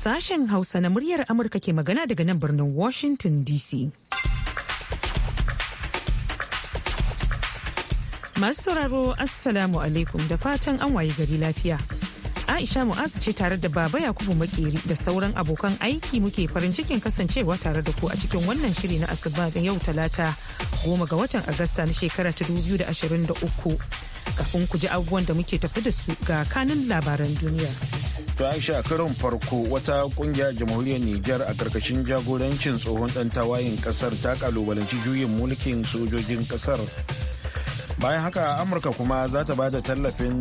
sashen Hausa na muryar Amurka ke magana daga nan birnin Washington DC. Masu sauraro Assalamu alaikum da fatan an waye gari lafiya. Aisha Mu'azu ce tare da Baba Yakubu Makeri da sauran abokan aiki muke farin cikin kasancewa tare da ku a cikin wannan shiri na asuba da yau talata goma ga watan Agusta na shekara ta 2023. Kafin ku ji abubuwan da muke tafi da su ga kanun labaran duniya. To Aisha karon farko wata kungiya jamhuriyar Nijar a karkashin jagorancin tsohon dan tawayin kasar ta kalubalanci juyin mulkin sojojin kasar bayan haka amurka kuma za ta bada tallafin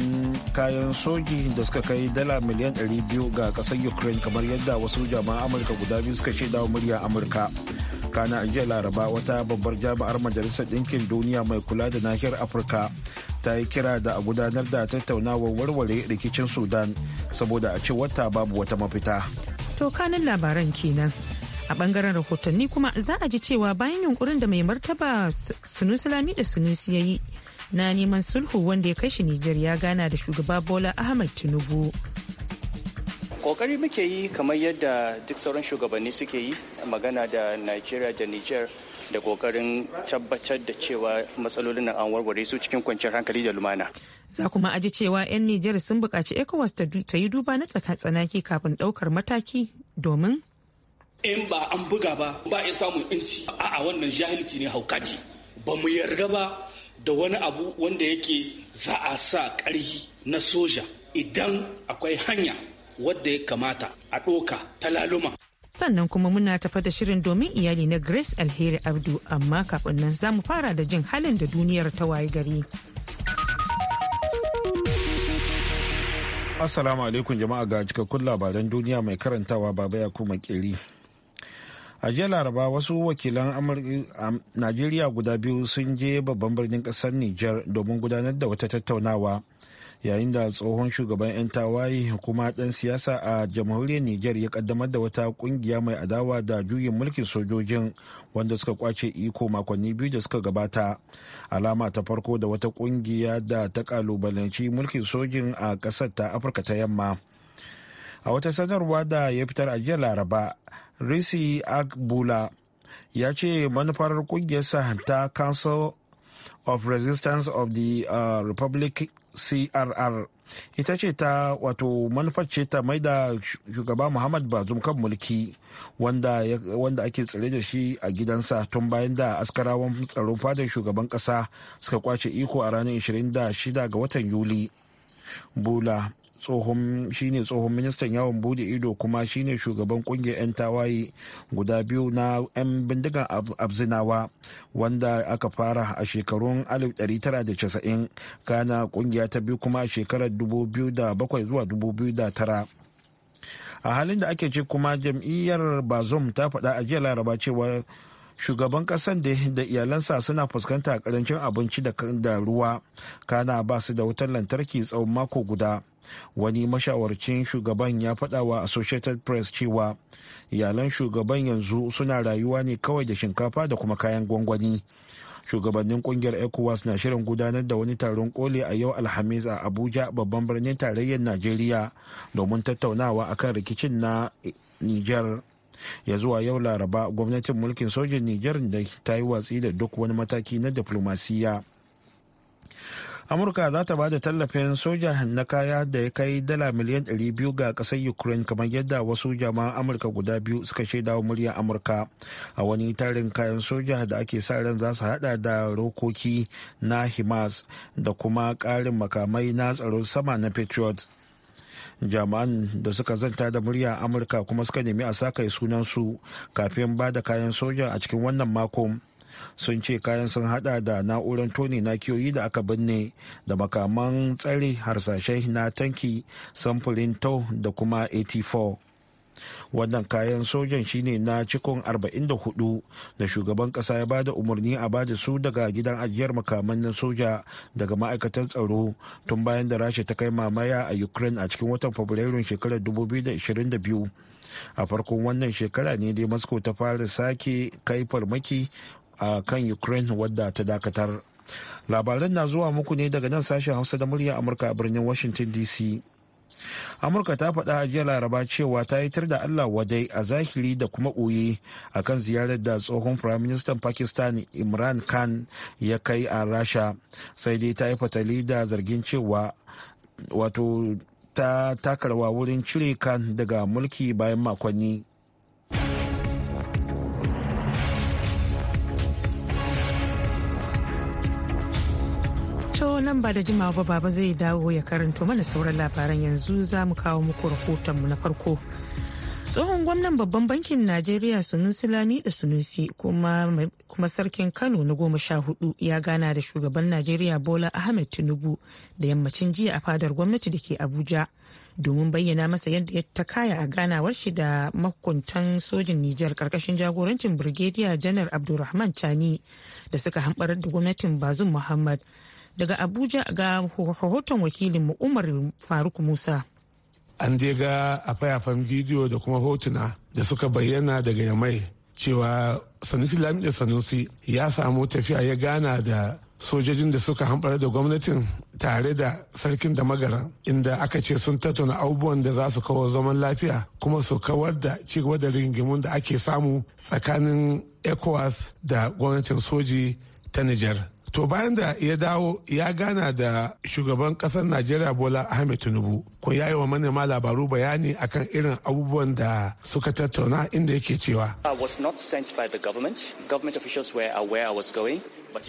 kayan soji da suka kai dala miliyan 200 ga kasar ukraine kamar yadda wasu jama'an amurka guda biyu suka dawo murya amurka kana jiya laraba wata babbar jami'ar majalisar ɗinkin duniya mai kula da nahiyar afirka ta yi kira da a gudanar da tattaunawar warware rikicin sudan saboda a ce wata babu wata mafita to kanin labaran kenan a bangaren rahotanni kuma za a ji cewa bayan yunkurin da mai martaba sunusi lami da sunusi ya yi na neman sulhu wanda ya kai shi Nijar ya gana da shugaba Bola Ahmed Tinubu. kokari muke yi kamar yadda duk sauran shugabanni suke yi magana da nigeria da niger da kokarin tabbatar da cewa matsalolin nan an warware su cikin kwanciyar hankali da lumana za kuma aji cewa 'yan niger sun buƙaci ecowas ta yi duba na tsanaki kafin ɗaukar mataki domin in ba an buga ba ba ya samun inci a'a wannan jahilci ne hauka ba mu yarda ba da wani abu wanda yake za a sa ƙarfi na soja idan akwai hanya wadda ya kamata a ɗoka ta laluma. Sannan kuma muna tafa da shirin domin iyali na Grace Alheri Abdu amma kafin nan za mu fara da jin halin da duniyar ta waye gari. Assalamu alaikum jama'a ga cikakkun labaran duniya mai karantawa baba ya kuma kiri. a jiya laraba wasu wakilan um, najeriya guda biyu sun je babban birnin kasar niger domin gudanar da wata tattaunawa yayin da tsohon shugaban 'yan tawaye kuma ɗan siyasa a jamhuriyar niger ya kaddamar da wata kungiya mai adawa da juyin mulkin sojojin wanda suka kwace iko makonni biyu da suka gabata alama ta farko da wata kungiya da ta kalubalanci mulkin sojin a ƙasar ta afirka ta yamma a wata sanarwa da ya fitar a jiya laraba risi agbula ya ce manufar sa ta council of resistance of the uh, republic crr ita ce ta wato manufar ce ta maida shugaba muhammad bazum kan mulki wanda, wanda ake tsare da shi a gidansa tun bayan da askarawan tsaron fadar shugaban kasa suka kwace iko a ranar 26 ga watan yuli bula tsohon shine tsohon ministan yawon bude ido kuma shine shugaban kungiyar 'yan tawaye guda biyu na 'yan bindigan abzinawa wanda aka fara a shekarun 1990 kana kungiya ta biyu kuma a shekarar 2007 zuwa 2009 a halin da ake ce kuma jam'iyyar bazom ta faɗa a jiya laraba cewa shugaban kasan da iyalansa suna fuskanta karancin abinci da ruwa kana ba su da wutar lantarki tsawon mako guda wani mashawarcin shugaban ya faɗa wa associated press cewa iyalan shugaban yanzu suna rayuwa ne kawai da shinkafa da kuma kayan gwangwani shugabannin kungiyar ecowas na shirin gudanar da wani taron koli a yau alhamis a abuja babban birnin tarayyar najeriya domin tattaunawa akan rikicin na eh, niger ya zuwa yau laraba gwamnatin mulkin sojin niger da ta yi watsi da duk wani mataki na diflomasiyya amurka za ta ba da tallafin soja na kaya da ya kai dala miliyan 200 ga kasar ukraine kamar yadda wasu jama'an amurka guda biyu suka shaida wa muryar amurka a wani tarin kayan soja da ake sa ran za su hada da rokoki na himas da kuma karin makamai na tsaron sama na patriot jami'an da suka zanta da murya amurka kuma suka nemi a sakayi sunansu kafin ba da kayan soja a cikin wannan mako sun ce kayan sun hada da na'urar toni na kiyoyi da aka binne da makaman tsare harsashai na tanki samfurin tau da kuma 84 wannan kayan sojan shine na cikon 44 da shugaban kasa ya bada umarni a bada su daga gidan ajiyar makaman na soja daga ma'aikatan tsaro tun bayan da rasha ta kai mamaya a ukraine a cikin watan fabrairun shekarar 2022 a farkon wannan shekara ne dai moscow ta fara sake kai farmaki a kan ukraine wadda ta dakatar labaran na zuwa muku ne daga nan sashen hausa da murya amurka a birnin washington dc amurka ta faɗa a jiya laraba cewa ta yitar da allah wadai a zahiri da kuma ɓoye a kan ziyarar da tsohon firaministan pakistan imran khan ya kai a rasha sai dai ta yi fatali da zargin cewa wato ta takarwa wurin cire khan daga mulki bayan makonni nan ba da jimawa ba baba zai dawo ya karanto mana sauran labaran yanzu za mu kawo muku rahotonmu na farko. tsohon gwamnan babban bankin najeriya sunusi lami da sunusi kuma, sarkin kano na goma sha hudu ya gana da shugaban najeriya bola ahmed tinubu da yammacin jiya a fadar gwamnati da ke abuja domin bayyana masa yadda ya ta kaya a ganawar shi da makuntan sojin nijar karkashin jagorancin birgediya janar abdulrahman chani da suka hambar da gwamnatin bazum muhammad daga abuja ga rahoton mu umar faruk musa an dai ga a fayafan bidiyo da kuma hotuna da suka bayyana daga yamai cewa sanusi lamida sanusi ya samu tafiya ya gana da sojojin da suka hamɓar da gwamnatin tare da sarkin da magaran inda aka ce sun tattauna abubuwan da za su kawo zaman lafiya kuma su kawar da cigaba da rigingimun da ake samu tsakanin ecowas da gwamnatin soji ta nijar To bayan da ya dawo ya gana da shugaban kasar Najeriya Bola Ahmed Tinubu kun ya wa manema labaru bayani akan irin abubuwan da suka tattauna inda yake cewa.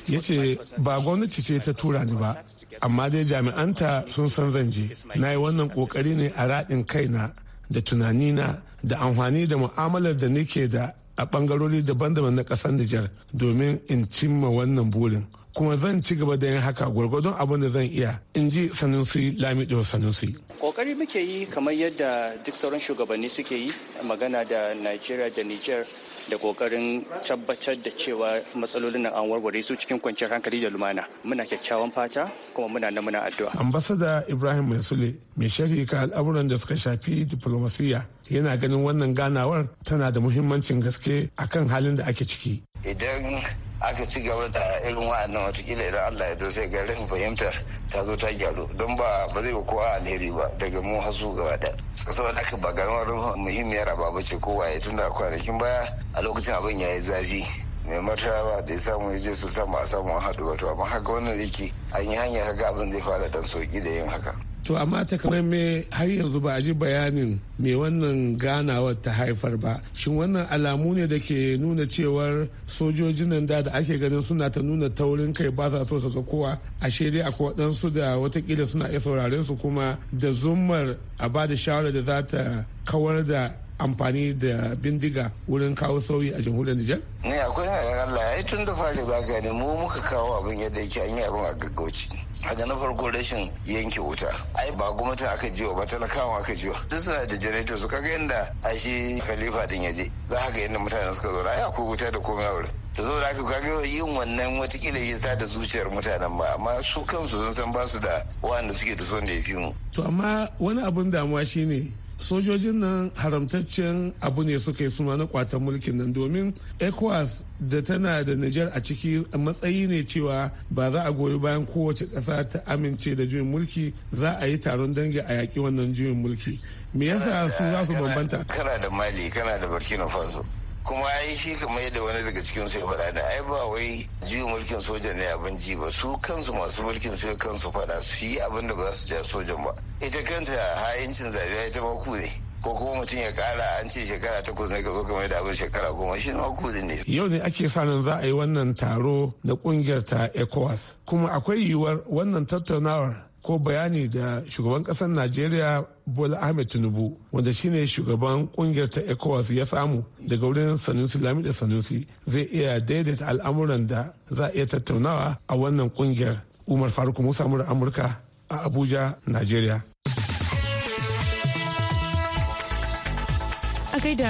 Ya ce ba gwamnati ce ta tura ni ba, amma dai jami'anta sun san zan je. Na yi wannan kokari ne a raɗin kaina da tunanina da amfani da mu'amalar da nake da a bangarori daban-daban na ƙasar Nijar domin in cimma wannan burin. kuma zan ci gaba da yin haka gwargwadon abin da zan iya in ji sanin sanusi sanin su kokari muke yi kamar yadda duk sauran shugabanni suke yi magana da nigeria da niger da kokarin tabbatar da cewa matsalolin an warware su cikin kwanciyar hankali da lumana muna kyakkyawan fata kuma muna na muna addu'a ambasada ibrahim mai sule mai shari'a ka al'amuran da suka shafi diplomasiya yana ganin wannan ganawar tana da muhimmancin gaske akan halin da ake ciki idan aka ci gaba da irin wa'annan watakila idan Allah ya dosa ga rashin fahimtar ta zo ta gyaru don ba ba zai kowa alheri ba daga mu hasu gaba da saboda haka ba garin muhimmiyar ba ce kowa ya tunda kwanakin baya a lokacin abin ya yi zafi mai martaba da ya samu ya je sultan ba a samu a haɗu ba to amma haka wannan riki an yi hanya haka abin zai fara dan sauki da yin haka to amma takamaimai har yanzu ba a ji bayanin mai wannan ganawar ta haifar ba shin wannan alamu ne da ke nuna cewar sojojin nan da da ake ganin suna ta nuna taurin kai ba sa so su ga kowa ashe dai akwai waɗansu da watakila suna iya sauraren su kuma da zumar a ba da shawarar da za ta kawar da amfani da bindiga wurin kawo sauyi a jamhuriyar Nijar? Ne akwai hanyar Allah ya yi tun da fari ba gani mu muka kawo abin yadda yake an yi abin a gaggauci. Haka na farko rashin yanke wuta. Ai ba gwamnati aka jiwa ba talakawa aka ba. Duk suna da janareto su kaga yadda a shi khalifa din ya je. Za ka ga yadda mutane suka zo ai akwai wuta da komai a wurin. Da zo da aka kaga yin wannan watakila ya sa da zuciyar mutanen ba amma su kansu sun san ba su da wanda suke da son da ya fi mu. To amma wani abun damuwa shine sojojin nan haramtaccen abu ne suka yi suna na kwatan mulkin nan domin ecowas da tana da nijar a ciki matsayi ne cewa ba za a goyi bayan kowace ƙasa ta amince da juyin mulki za a yi taron dangi a yaƙi wannan juyin mulki me yasa su za su bambanta kana da mali kana da burkina faso kuma ai shi kamar yadda wani daga cikin su ya faɗa da ai ba wai juyin mulkin soja ne abin ji ba su kansu masu mulkin su kansu faɗa su yi abin da ba su ja sojan ba ita kanta ha'incin zabe ita ta ku ne ko kuma mutum ya kara an ce shekara takwas ne ka zo kamar da abin shekara goma shi ma kudin ne. Yau ne ake sa nan za a yi wannan taro na kungiyar ta ECOWAS kuma akwai yiwuwar wannan tattaunawar ko bayani da shugaban kasar najeriya bola ahmed tinubu wanda shine shugaban kungiyar ta ecowas ya samu daga wurin sanusi lami da sanusi zai iya daidaita al'amuran da za a iya tattaunawa a wannan kungiyar umar faruk musa mura amurka a abuja najeriya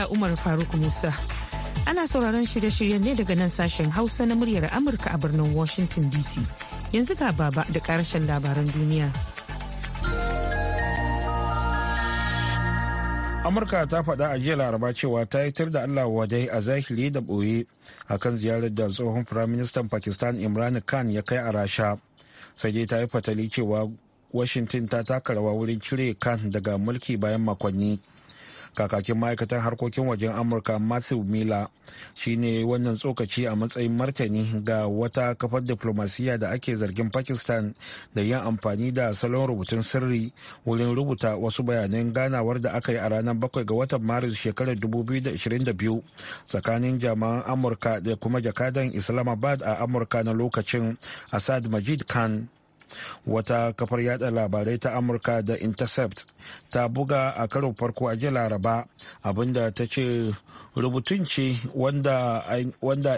a umar faruk musa ana sauraron shirye-shiryen ne daga nan sashen hausa na muryar amurka a birnin washington dc yanzu ga baba da karshen labaran duniya. amurka ta faɗa a jiya laraba cewa ta yitar da allah wadai a zahiri da ɓoye a kan ziyarar da tsohon firaministan pakistan imran khan ya kai a rasha sai dai ta yi fatali cewa washington ta taka rawa wurin cire khan daga mulki bayan makonni kakakin ma'aikatan harkokin wajen amurka matthew miller ne wannan tsokaci a matsayin martani ga wata kafar diplomasiya da ake zargin pakistan da yin amfani da salon rubutun sirri wurin rubuta wasu bayanan ganawar da aka yi a ranar 7 ga watan maris shekarar 2022 tsakanin jami'an amurka da kuma jakadan islamabad a amurka na lokacin asad majid khan wata kafar yada labarai ta amurka da intercept ta buga a karo farko a jiya laraba abinda ta ce rubutun ce wanda,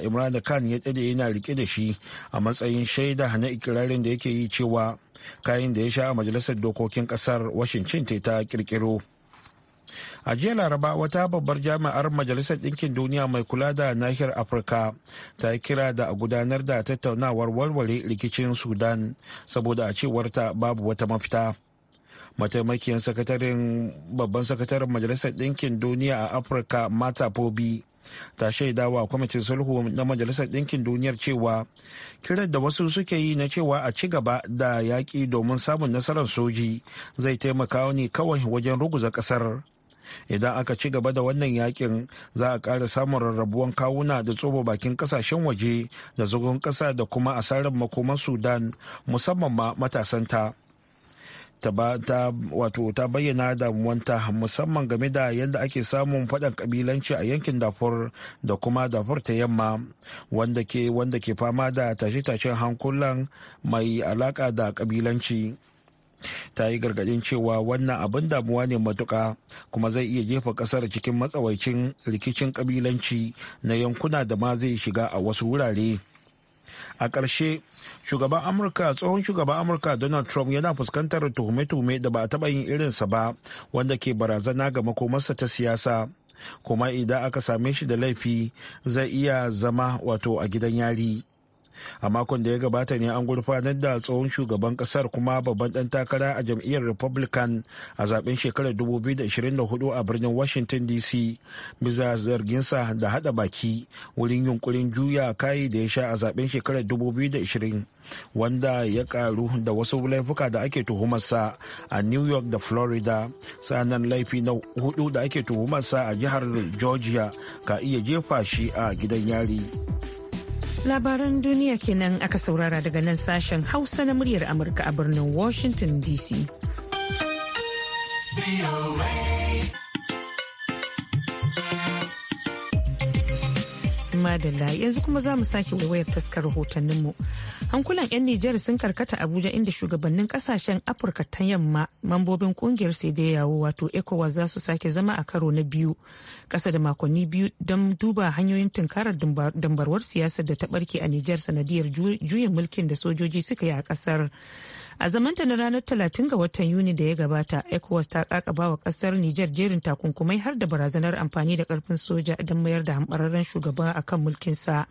imran khan ya tsade yana rike da shi a matsayin shaida na ikirarin da yake yi cewa kayan da ya sha a majalisar dokokin kasar washington ta kirkiro a jiya laraba wata babbar jami'ar majalisar ɗinkin duniya mai kula da nahiyar afirka ta yi kira da a gudanar da tattaunawar warware rikicin sudan saboda a cewarta babu wata mafita mataimakiyar sakatarin babban sakataren majalisar ɗinkin duniya a afirka mata pobi ta shaidawa kwamitin sulhu na majalisar ɗinkin duniyar cewa kiran da wasu suke yi na cewa a ci gaba da yaƙi domin samun nasarar soji zai taimaka ne kawai wajen ruguza ƙasar idan aka ci gaba da wannan yakin za a ƙara samun rarrabuwan kawuna da tsoba bakin kasashen waje da zagon ƙasa da kuma asarar makoman sudan musamman ma matasanta ta wato ta bayyana damuwanta musamman game da yadda ake samun faɗan kabilanci a yankin dafur da kuma dafur ta yamma wanda ke fama da tashe-tashen hankulan mai alaka da kabilanci. ta yi gargadin cewa wannan abin damuwa ne matuka kuma zai iya jefa kasar cikin matsawaicin rikicin kabilanci na yankuna da ma zai shiga a wasu wurare a ƙarshe shugaban amurka tsohon shugaban amurka donald trump yana fuskantar tuhume-tuhume da ba a taɓa yin irinsa ba wanda ke barazana ga makomarsa ta siyasa kuma idan aka same shi da laifi zai iya zama wato a gidan yari a makon da ya gabata ne an gurfanar da tsohon shugaban kasar kuma babban dan takara a jam'iyyar republican a zaben shekarar 2024 a birnin washington dc bisa zarginsa da hada baki wurin yunkurin juya kayi da ya sha a zaben shekarar 2020 wanda ya karu da wasu laifuka da ake tuhumarsa a new york da florida sanan laifi na hudu da ake tuhumarsa a jihar georgia ka iya jefa shi a gidan yari. Labaran duniya kenan aka saurara daga nan sashen Hausa na muryar Amurka a birnin Washington DC. madalla yanzu kuma za mu sake waiwayar taskar rahotanninmu. Hankulan 'yan Nijar sun karkata Abuja inda shugabannin kasashen Afirka ta yamma mambobin kungiyar sai da yawo wato ECOWAS za su sake zama a karo na biyu kasa da makonni biyu don duba hanyoyin tunkarar dambarwar siyasar da ta barke a Nijar sanadiyar juyin mulkin da sojoji suka yi a kasar A zamanta na ranar talatin ga watan Yuni da ya gabata, ECOWAS ta kakaba wa kasar Nijar jerin takunkumai har da barazanar amfani da karfin soja don mayar da hambararren shugaba a kan sa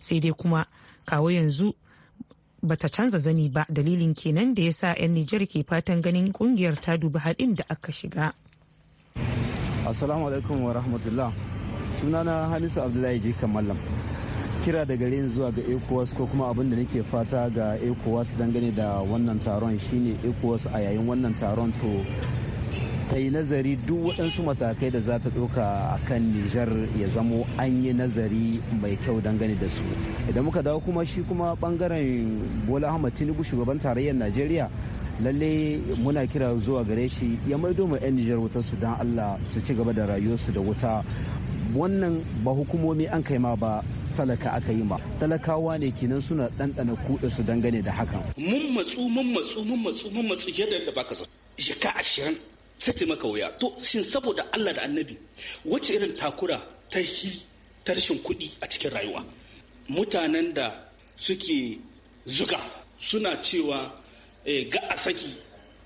sai dai kuma kawo yanzu ba ta canza zani ba dalilin kenan da ya sa 'yan nijar ke fatan ganin kungiyar ta dubi haɗin da aka shiga assalamu alaikum wa rahmatullah sunana hamisu abdullahi jika mallam kira da gare zuwa ga ecowas ko kuma abin da nake fata ga ecowas dangane da wannan taron shine ecowas a yayin wannan taron to ta yi nazari duk waɗansu matakai da za ta ɗauka a kan Nijar ya zamo an yi nazari mai kyau dangane da su. Idan muka dawo kuma shi kuma ɓangaren Bola Ahmad Tinubu shugaban tarayyar Najeriya lalle muna kira zuwa gare shi ya maido ma 'yan Nijar wutar su don Allah su ci gaba da rayuwarsu da wuta. Wannan ba hukumomi an kai ma ba talaka aka yi ma talakawa ne kenan suna ɗanɗana kuɗa su dangane da hakan. Mun matsu mun matsu mun matsu mun matsu yadda da baka zo. Shekara ashirin sake maka wuya to shin saboda Allah da annabi wace irin takura ta hi ta rashin kuɗi a cikin rayuwa mutanen da suke zuga suna cewa eh, ga a saki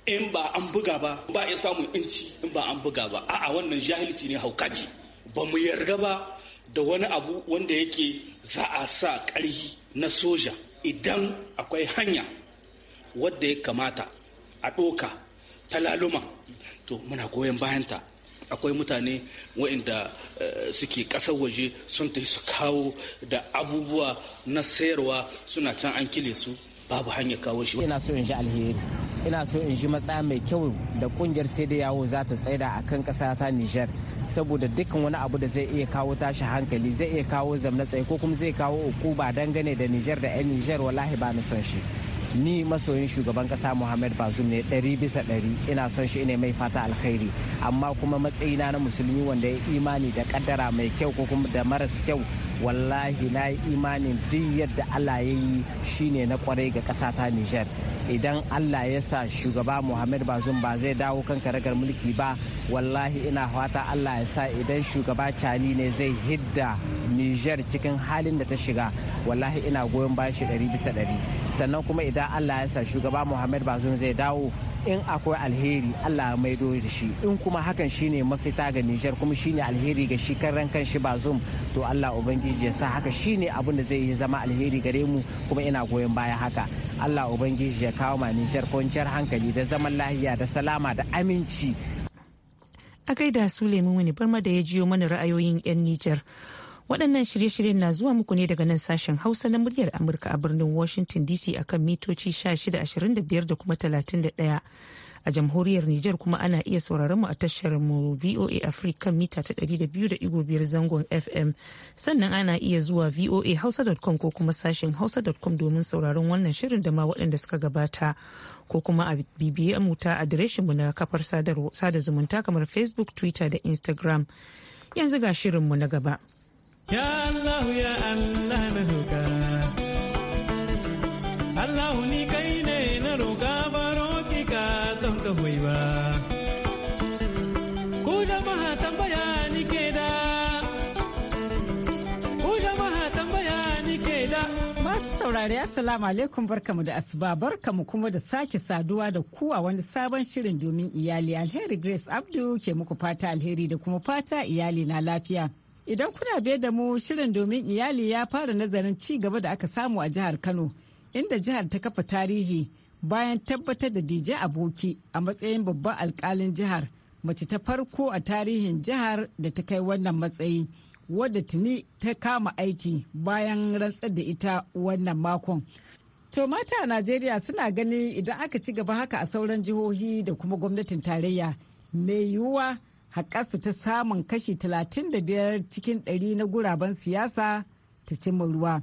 in ba an buga ba ba ya samun inci in ba an buga ba a'a wannan jahilci ne hauka ce ba mu yarda ba da wani abu wanda yake za a sa ƙarhi na soja idan akwai hanya wadda ya kamata a ɗoka ta laluma to muna goyon bayanta akwai mutane waɗanda eh, suke ƙasar waje sun tafi su kawo da abubuwa na sayarwa suna can an kile su babu hanyar kawo shi ina so in ji alheri ina so in ji matsa mai kyau da kungiyar sai da yawo za ta tsaida a kan ƙasa ta nijar saboda dukkan wani abu da zai iya kawo tashi hankali zai iya kawo zamna tsaye ko kuma zai kawo uku ba dangane da nijar da 'yan nijar wallahi ba ni son shi ni masoyin shugaban kasa muhammad bazoum ne ɗari bisa ɗari ina son shi ina mai fata alkhairi amma kuma matsayina na musulmi wanda ya imani da kaddara mai kyau ko kuma da maras kyau wallahi na yi imanin duk yadda allah ya yi shi ne na kwarai ga ƙasa ta nijar idan allah ya sa shugaba muhammad bazum ba zai dawo kan karagar mulki ba wallahi ina fata allah ya sa idan shugaba cani ne zai hidda nijar cikin halin da ta shiga wallahi ina goyon bashi ɗari bisa ɗari sannan kuma idan allah ya sa shugaba muhammad bazum zai dawo in akwai alheri allah ya maido da shi in kuma hakan shine mafita ga nijar kuma shine alheri ga shi kan kan shi bazum to allah ubangiji ya sa haka shine abin da zai yi zama alheri gare mu kuma ina goyon baya haka allah ubangiji ya kawo ma nijar kwanciyar hankali da zaman lahiya da salama da aminci a gaida su wani barma da ya jiyo mana ra'ayoyin 'yan nijar Waɗannan shirye-shiryen na zuwa muku ne daga nan sashen Hausa na muryar Amurka a birnin Washington DC akan mitoci 1625 da kuma 31. A jamhuriyar Nijar kuma ana iya sauraron mu a tashar mu VOA Africa kan mita ta 200.5 zangon FM. Sannan ana iya zuwa voa hausa.com ko kuma sashen hausa.com domin sauraron wannan shirin da ma waɗanda suka gabata. Ko kuma a bibiye mu ta adireshin mu na kafar sada zumunta kamar Facebook, Twitter da Instagram. Yanzu ga shirinmu na gaba. Ya Allahu ya Allah na saurari Assalamu alaikum barkamu da asuba barkamu kuma da sake saduwa da kuwa wani sabon shirin domin iyali alheri Grace Abdu ke muku fata alheri da kuma fata iyali na lafiya. Idan kuna biye da mu shirin domin iyali ya fara nazarin ci gaba da aka samu a jihar Kano, inda jihar ta kafa tarihi bayan tabbatar da DJ Aboki a matsayin babban alkalin jihar, mace ta farko a tarihin jihar da ta kai wannan matsayi, wadda tuni ta kama aiki bayan rantsar da ita wannan makon. To mata a Najeriya suna gani idan aka ci gaba haka a sauran jihohi da kuma gwamnatin tarayya, mai yiwuwa haƙarsu ta samun kashi 35 cikin 100 na guraben siyasa ta cimma ruwa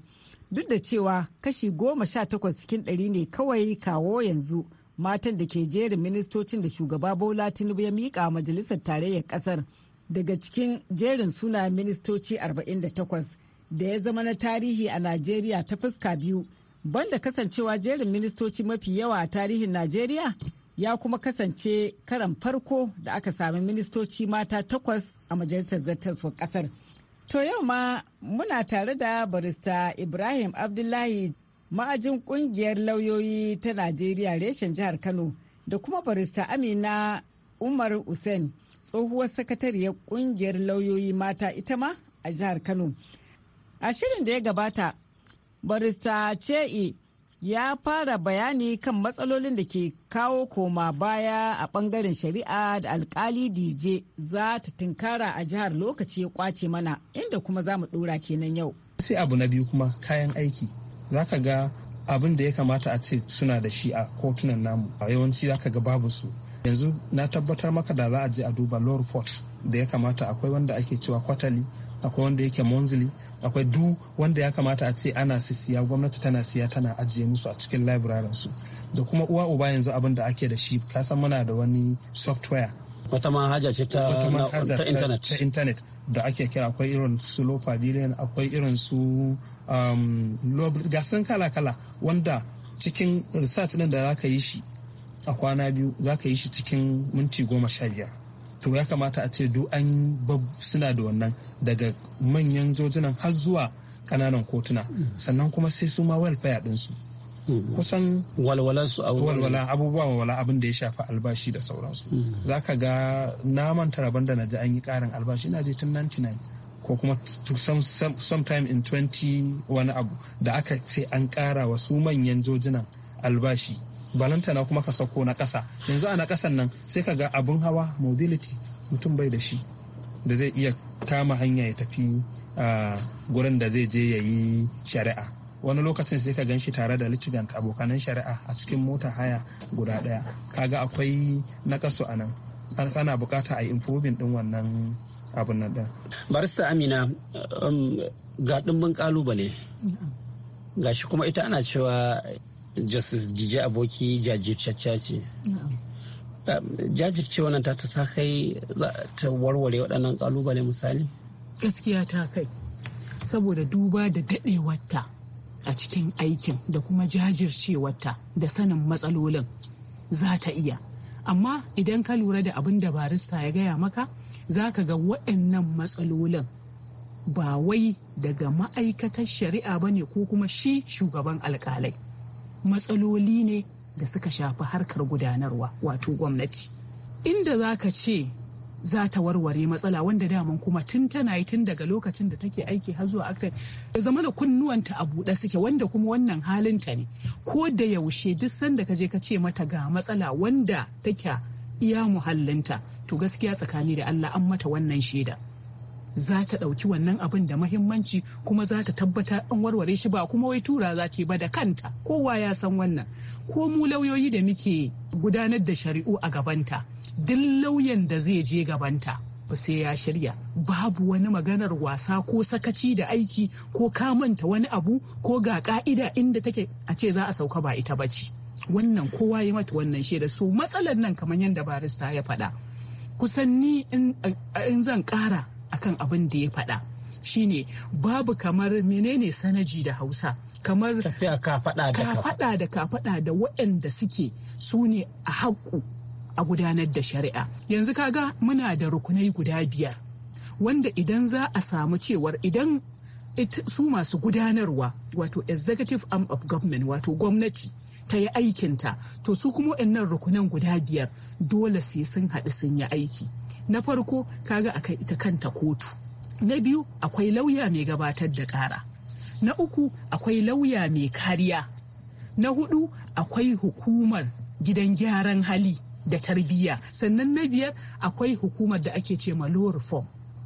duk da cewa kashi 18 cikin 100 ne kawai kawo yanzu matan da ke jerin ministocin da shugaba bola tinubu ya miƙa majalisar tarayyar ƙasar daga cikin jerin suna ministoci 48 da ya zama na tarihi a najeriya ta fuska biyu banda kasancewa jerin ministoci mafi yawa a tarihin najeriya ya kuma kasance karan farko da aka sami ministoci mata takwas a majalisar zartaswar kasar. To yau ma muna tare da barista Ibrahim Abdullahi ma'ajin kungiyar lauyoyi ta Najeriya reshen jihar Kano da kuma barista Amina Umar Hussein tsohuwar sakatariyar kungiyar lauyoyi mata ita ma a jihar Kano. A shirin da ya gabata, barista Ce'i ya fara bayani kan matsalolin da ke kawo koma baya a bangaren shari'a da alkali dj za ta tunkara a jihar lokaci ya kwace mana inda kuma za mu dora kenan yau sai abu na biyu kuma kayan aiki za ka ga abin da ya kamata a ce suna da shi a kotunan namu a yawanci za ka ga babu su yanzu na tabbatar maka da za a je a duba law fort da ya kamata akwai wanda ake cewa kwatali akwai wanda yake monzili akwai du wanda ya kamata a ce ana siya gwamnati tana siya tana ajiye musu a cikin library su da kuma uwa uba yanzu abin da ake da shi kasan muna da wani software wata manhaja ce ta internet ta internet da ake kira akwai irin su low pavilion akwai irin su um, gasan kala-kala wanda cikin research din da za ka yi shi a kwana biyu za ka yi shi cikin minti goma sha biyar to ya kamata a ce duk an suna da wannan daga manyan jojinan har zuwa kananan kotuna sannan kuma sai su ma welfare ɗinsu mm-hmm. kusan walwala abubuwa walwala abin da ya shafi albashi da sauransu mm-hmm. za ka ga naman taraban da na ji an yi karin albashi na je tun 99 ko kuma sometime in 20 wani abu da aka ce an kara wa su manyan jojinan albashi balantana kuma ka sauko na ƙasa yanzu a na ƙasan nan sai ka ga abun hawa mobility mutum bai da shi da zai iya kama hanya ya tafi gurin da zai je ya yi shari'a wani lokacin sai ka gan shi tare da litigant abokanan shari'a a cikin mota haya guda ɗaya kaga akwai nakasu a nan ana bukata a yi improving din wannan abun nan ɗin barista amina um, ga ɗimbin ƙalubale gashi kuma ita ana cewa justice jiji aboki jajirtacciya ce um, jajirce wannan ta ta kai ta warware waɗannan kalubale misali gaskiya ta kai saboda duba da daɗewarta a cikin aikin da kuma jajircewarta da sanin matsalolin za ta iya amma idan ka lura da abin da barista ya gaya maka za ka ga waɗannan matsalolin ba wai daga ma'aikatar shari'a ba ne ko kuma shi shugaban alkalai matsaloli ne da suka shafi harkar gudanarwa wato gwamnati inda za ka ce za ta warware matsala wanda daman kuma tun tana yi tun daga lokacin da take aiki har zuwa aktan ya zama da kunnuwanta a buɗe suke wanda kuma wannan halinta ne ko da yaushe duk sanda ka je ka ce mata ga matsala wanda take iya muhallinta to gaskiya tsakani da Allah an mata wannan shaida za ta ɗauki wannan abin da mahimmanci kuma za ta tabbatar an warware shi ba kuma wai tura za ta ba da kanta kowa ya san wannan ko mu lauyoyi da muke gudanar da shari'u a gabanta duk lauyan da zai je gabanta Ba sai ya shirya babu wani maganar wasa ko sakaci da aiki ko kamanta wani abu ko ga ka'ida inda take a ce za a sauka ba ita bace wannan kowa ya mata wannan shaida so matsalar nan kamar yadda barista ya faɗa kusan ni in zan ƙara akan abin da ya faɗa shine babu kamar menene sanaji da hausa kamar kafaɗa da kafaɗa da da waɗanda suke su ne a haƙƙu a gudanar da shari'a yanzu kaga muna da rukunai guda biyar wanda idan za a samu cewar idan su masu gudanarwa wato executive arm of government wato gwamnati ta yi aikinta to su kuma waɗannan rukunan guda biyar dole sai sun haɗu sun yi aiki na farko kaga akai ita kanta kotu na biyu akwai lauya mai gabatar da kara na uku akwai lauya mai kariya na hudu akwai hukumar gidan gyaran hali da tarbiyya sannan na biyar akwai hukumar da ake ce ma law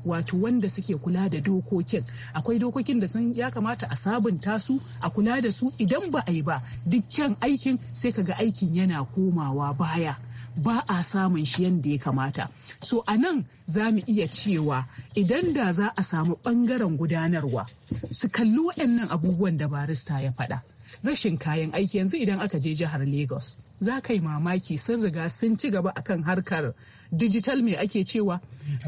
wato wanda suke kula da dokokin akwai dokokin da sun ya kamata a sabunta su a kula da su idan ba a yi ba dukkan aikin sai kaga aikin yana komawa baya ba a samun shi yadda ya kamata so a nan za mu iya cewa idan da za a samu ɓangaren gudanarwa su kalli waɗannan abubuwan da barista ya faɗa rashin kayan aiki yanzu idan aka je jihar lagos za ka yi mamaki sun riga sun ci gaba akan harkar digital mai ake cewa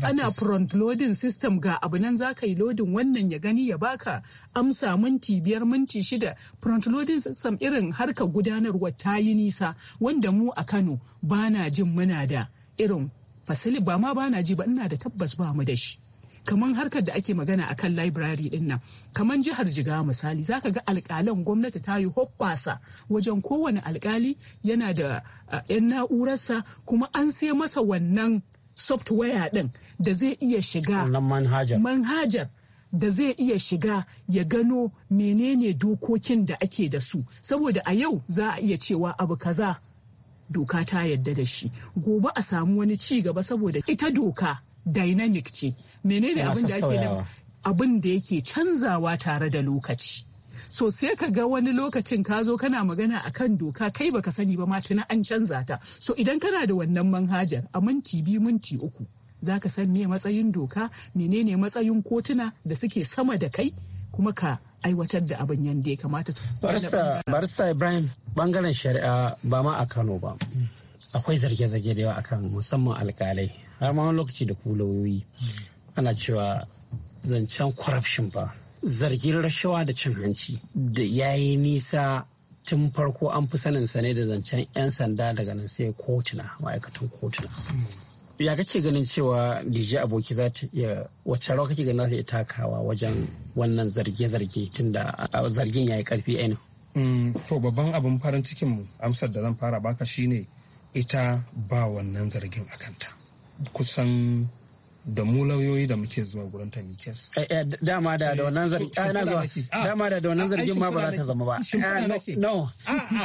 ana front loading system ga abu nan za ka yi loading wannan ya gani ya baka amsa minti biyar minti shida front loading system irin harkar gudanarwa ta yi nisa wanda mu a kano ba na jin muna da irin fasili ba ma ba na ji ba ina da tabbas ba mu da shi kamar harkar da ake magana akan library din nan kamar jihar jigawa misali zaka ga alkalan gwamnati ta yi hoɓɓasa wajen kowane alkali yana da 'yan na'urarsa kuma an sai masa wannan software din da zai iya shiga manhajar da zai iya shiga ya gano menene dokokin da ake da su saboda a yau za a iya cewa abu kaza doka ta yadda da shi gobe a samu wani ci gaba saboda ita doka dynamic ce menene abin da ake abin da yake canzawa tare da lokaci so sai ka ga wani lokacin ka zo kana magana a kan doka kai baka sani ba ma tuna an canza ta so idan kana da wannan manhajar a minti biyu minti uku za ka san me matsayin doka menene matsayin kotuna da suke sama da kai kuma ka aiwatar da abin yadda ya kamata barista ibrahim bangaren shari'a ba ma a kano ba akwai zarge-zarge da yawa akan musamman alkalai har ma wani lokaci da kulawoyi ana cewa zancen corruption ba zargin rashawa da cin hanci da ya yi nisa tun farko an fi sanin sa ne da zancen 'yan sanda daga nan sai kotuna ma'aikatan kotuna ya kake ganin cewa dije aboki za ta iya wacce rawa kake ganin za ta iya takawa wajen wannan zarge-zarge tunda zargin ya yi karfi ainihin mm, to babban abin farin cikin mu amsar da zan fara baka shine ita ba wannan zargin a kanta kusan da mu lauyoyi da muke zuwa gurin ta mikes. Eh, eh, eh, ah, dama da da wannan zargin ah, dama da da wannan zargin ma ba za ta zama ba. Ah, no.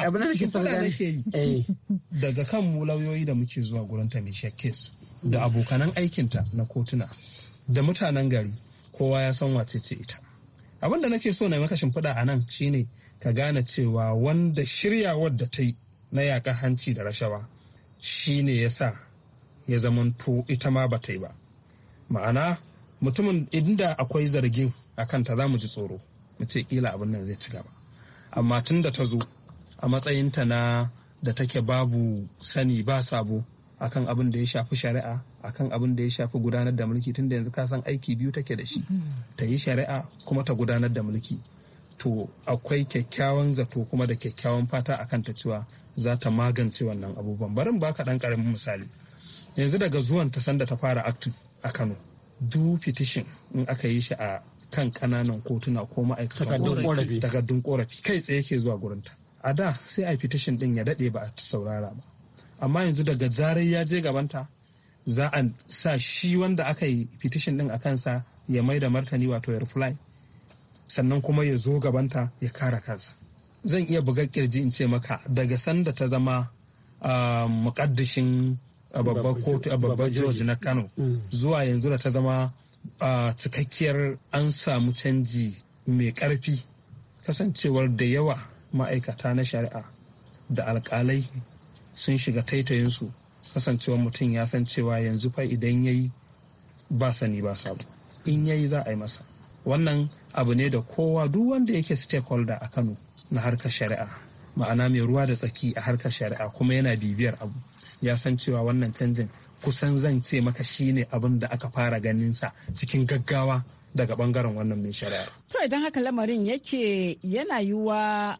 Abin da nake son gani. Daga kan mu lauyoyi da muke zuwa gurin ta mikes da abokanan aikinta na kotuna da mutanen gari kowa ya san wace ce ita. Abin da nake so na maka shimfiɗa a nan shine ka gane cewa wanda shiryawar da ta yi na yaƙa hanci da rashawa shi ne ya sa ya zamanto ita ma ba ta yi ba ma'ana mutumin inda akwai zargin a kanta za mu ji tsoro mu ce kila abin nan zai ci gaba amma tun da ta zo a matsayinta na da take babu sani ba sabo akan abin da ya shafi shari'a akan abin da ya shafi gudanar da mulki tunda yanzu ka san aiki biyu take da shi ta yi shari'a kuma ta gudanar da mulki to akwai kyakkyawan zato kuma da kyakkyawan fata akan ta cewa za ta magance wannan abubuwan barin ba ka ɗan ƙaramin misali yanzu daga zuwan ta sanda ta fara aktin a kano du fitishin in aka yi shi a kan ƙananan kotuna ko ma'aikatan takardun korafi kai tsaye ke zuwa gurinta a da sai a petition ɗin ya daɗe ba a saurara ba amma yanzu daga zarar ya je gabanta za a sa shi wanda aka yi fitishin ɗin a kansa ya mai da martani wato ya reply sannan kuma ya zo gabanta ya kara kansa zan iya buga kirji in ce maka daga sanda ta zama ah, mukaddishin ah, babbar kotu a babbar george na kano mm. zuwa yanzu da ta zama ah, cikakkiyar an samu canji mai karfi kasancewar da yawa ma'aikata na shari'a da alkalai sun shiga taitayinsu kasancewar mutum ya san cewa yanzu fa idan ya yi ba sani ba sabu in ya yi za a yi masa wannan abu ne da kowa duk wanda yake stakeholder a kano na harkar shari'a ma'ana mai ruwa da tsaki a harkar shari'a kuma yana bibiyar abu ya san cewa wannan canjin kusan zan ce maka shine abin da aka fara ganin sa cikin gaggawa daga bangaren wannan mai shari'a. To idan haka lamarin yake yana yiwuwa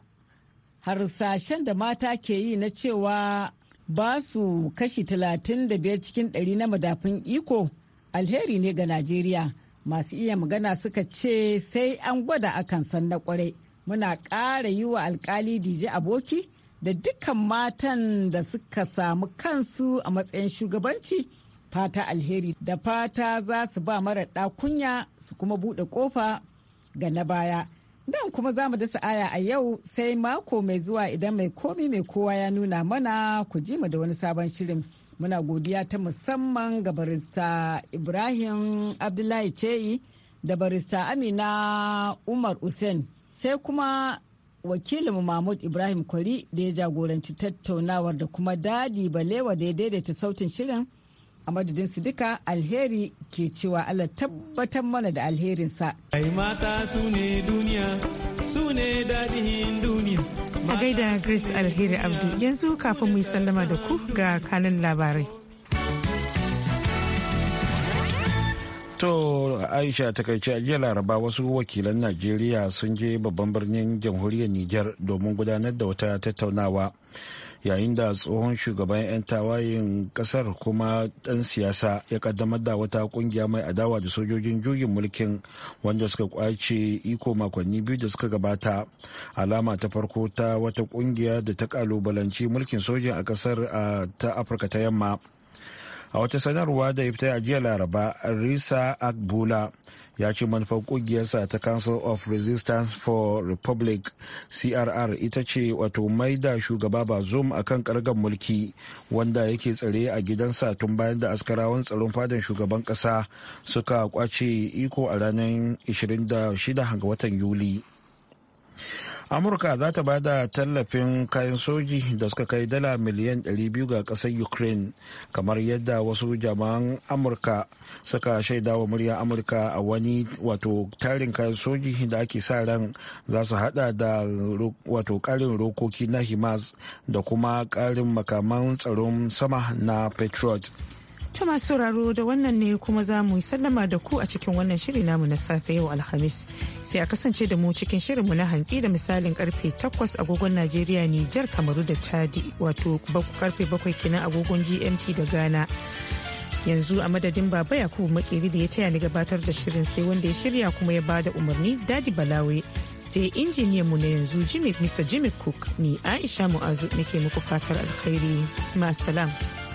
harsashen da mata ke yi na cewa ba su kashi talatin da biyar cikin ɗari na madafin iko alheri ne ga Najeriya. Masu iya magana suka ce sai an gwada akan san na kwarai. muna ƙara yi wa alƙali dj aboki da dukkan matan da suka samu kansu a matsayin shugabanci fata alheri da fata za su ba mara kunya su kuma buɗe ƙofa ga na baya dan kuma za mu dasa aya a yau sai mako mai zuwa idan mai komi mai kowa ya nuna mana ku ji mu da wani sabon shirin muna godiya ta musamman ga barista ibrahim abdullahi ceyi da barista amina umar usain. sai kuma wakilin mahmud ibrahim kwari da ya jagoranci tattaunawar da kuma dadi balewa da ya daidaita sautin shirin a madadin su duka alheri ke cewa allah tabbatar mana da alherinsa ai a gaida grace alheri abdu yanzu kafin mu yi sallama da ku ga kanin labarai To Aisha ta takaice jiya laraba wasu wakilan Najeriya sun je babban birnin jamhuriyar Nijar domin gudanar da wata tattaunawa yayin da tsohon shugaban 'yan tawayen kasar kuma ɗan siyasa ya kaddamar da wata kungiya mai adawa da sojojin juyin mulkin wanda suka kwace iko makonni biyu da suka gabata alama ta farko ta wata kungiya da ta kalubalanci mulkin sojin a kasar ta afirka ta yamma a wata sanarwa da ya fita a jiya laraba risa agbula ya ce manufar kungiyarsa ta council of resistance for republic crr ita ce wato mai da shugaba bazum a kan kargan mulki wanda yake tsare a gidansa tun bayan da askarawan tsaron fadan shugaban kasa suka kwace iko a ranar 26 ga watan yuli amurka za ta ba da tallafin kayan soji da suka kai dala miliyan 200 ga kasar ukraine kamar yadda wasu jama'an amurka suka shaida wa murya amurka a wani wato tarin kayan soji da ake sa ran za su hada da wato karin rokoki na himas da kuma karin makaman tsaron sama na patriot ta masu sauraro da wannan ne kuma za mu sallama da ku a cikin wannan shiri namu na safe yau alhamis sai a kasance da mu cikin shirin mu na hantsi da misalin karfe 8 agogon Najeriya Nijar Kamaru da Chadi wato karfe 7 kenan agogon GMT da Ghana. Yanzu a madadin Baba Yakubu Makeri da ya taya ni gabatar da shirin sai wanda ya shirya kuma ya bada umarni Dadi Balawe sai injiniyan mu na yanzu Jimmy Mr. Jimmy Cook ni Aisha Mu'azu nake muku fatar alkhairi. Ma'asalam.